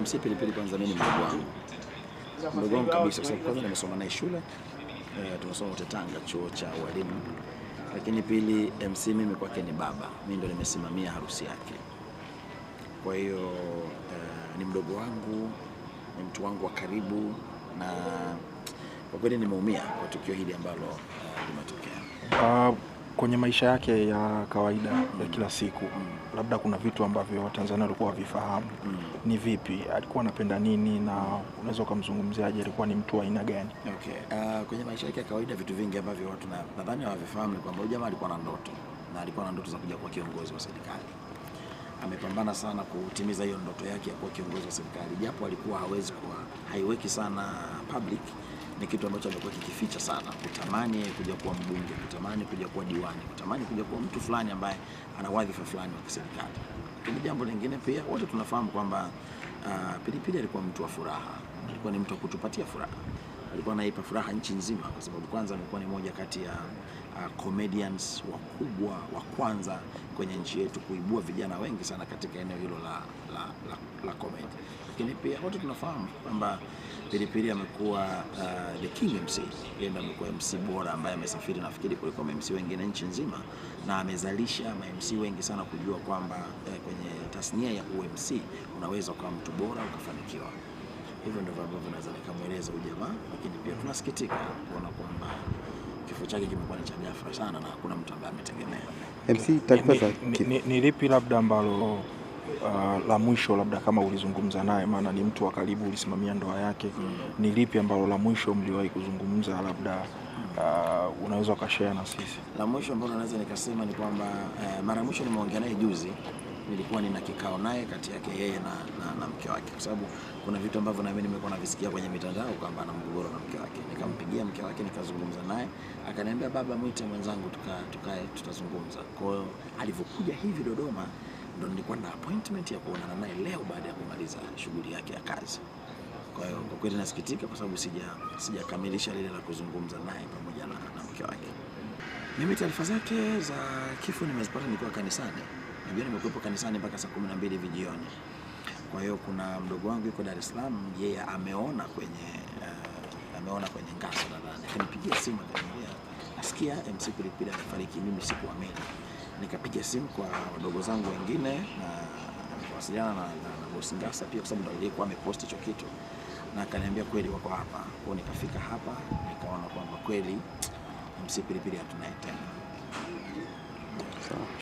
MC Pilipili, kwanza mimi ni mdogo wangu, mdogo wangu kabisa, kwa sababu kwanza nimesoma naye shule e, eh, tumesoma wote Tanga chuo cha walimu, lakini pili MC mimi kwake ni baba, mimi ndo nimesimamia harusi yake. Kwa hiyo e, ni mdogo wangu, ni mtu wangu wa karibu, na kwa kweli nimeumia kwa tukio hili ambalo eh, limetokea. Uh, kwenye maisha yake ya kawaida mm. ya kila siku mm. labda kuna vitu ambavyo Watanzania walikuwa wavifahamu mm. ni vipi, alikuwa anapenda nini na unaweza ukamzungumziaje, alikuwa ni mtu wa aina gani? Okay. Uh, kwenye maisha yake ya kawaida vitu vingi ambavyo watu nadhani hawavifahamu ni kwamba jamaa alikuwa na ndoto na alikuwa na ndoto za kuja kuwa kiongozi wa serikali. Amepambana sana kutimiza hiyo ndoto yake ya kuwa kiongozi wa serikali, japo alikuwa hawezi kuwa haiweki sana public ni kitu ambacho amekuwa kikificha sana, kutamani kuja kuwa mbunge, kutamani kuja kuwa diwani, kutamani kuja kuwa mtu fulani ambaye ana wadhifa fulani wa kiserikali. Lakini jambo lingine pia, wote tunafahamu kwamba uh, Pilipili alikuwa mtu wa furaha, alikuwa ni mtu wa kutupatia furaha alikuwa anaipa furaha nchi nzima, kwa sababu kwanza amekuwa ni moja kati ya uh, comedians wakubwa wa kwanza kwenye nchi yetu kuibua vijana wengi sana katika eneo hilo la, la, la, la comedy. Lakini pia wote tunafahamu kwamba Pilipili amekuwa uh, the king MC, yeye ndiye amekuwa MC bora ambaye amesafiri nafikiri kuliko MC wengine nchi nzima, na amezalisha MC wengi sana kujua kwamba eh, kwenye tasnia ya UMC unaweza kuwa mtu bora ukafanikiwa. Hivyo ndivyo ambavyo naweza nikamweleza huyu jamaa, lakini pia tunasikitika kuona kwamba kifo chake kimekuwa ni cha ghafla sana na hakuna mtu ambaye ametegemea. MC, taarifa za ni lipi labda ambalo Uh, la mwisho labda kama ulizungumza naye, maana ni mtu wa karibu, ulisimamia ndoa yake mm. Ni lipi ambalo la mwisho mliwahi kuzungumza labda, uh, unaweza ukashare na sisi? La mwisho ambalo naweza nikasema ni kwamba uh, mara ya mwisho nimeongea naye juzi nilikuwa nina kikao naye kati yake yeye na, na, na mke wake, kwa sababu kuna vitu ambavyo nami nimekuwa navisikia kwenye mitandao kwamba ana mgogoro na mke wake. Nikampigia mke wake nikazungumza naye, akaniambia baba, mwite mwenzangu tukae tuka, tutazungumza. Kwa hiyo alivyokuja hivi Dodoma ndo nilikuwa na appointment ya kuonana naye leo baada ya kumaliza shughuli yake ya kazi. Kwa hiyo kwa kweli nasikitika kwa sababu sija sijakamilisha lile la kuzungumza naye pamoja na, na mke wake. Mimi taarifa zake za kifo nimezipata nikiwa kanisani jioni, nimekuwepo kanisani mpaka saa kumi na mbili hivi jioni. Kwa hiyo kuna mdogo wangu yuko Dar es Salaam, yeye ameona kwenye uh, ameona kwenye ngaso nadhani, akanipigia simu akaniambia nasikia MC Pilipili amefariki, mimi sikuamini. Nikapiga simu kwa wadogo zangu wengine na kuwasiliana na, na, na bosi Ngasa pia kwa sababu ndio aliyekuwa ameposti hicho kitu na akaniambia kweli wako hapa. Kwa nikafika hapa nikaona kwamba kweli MC Pilipili hatunaye tena. Sawa.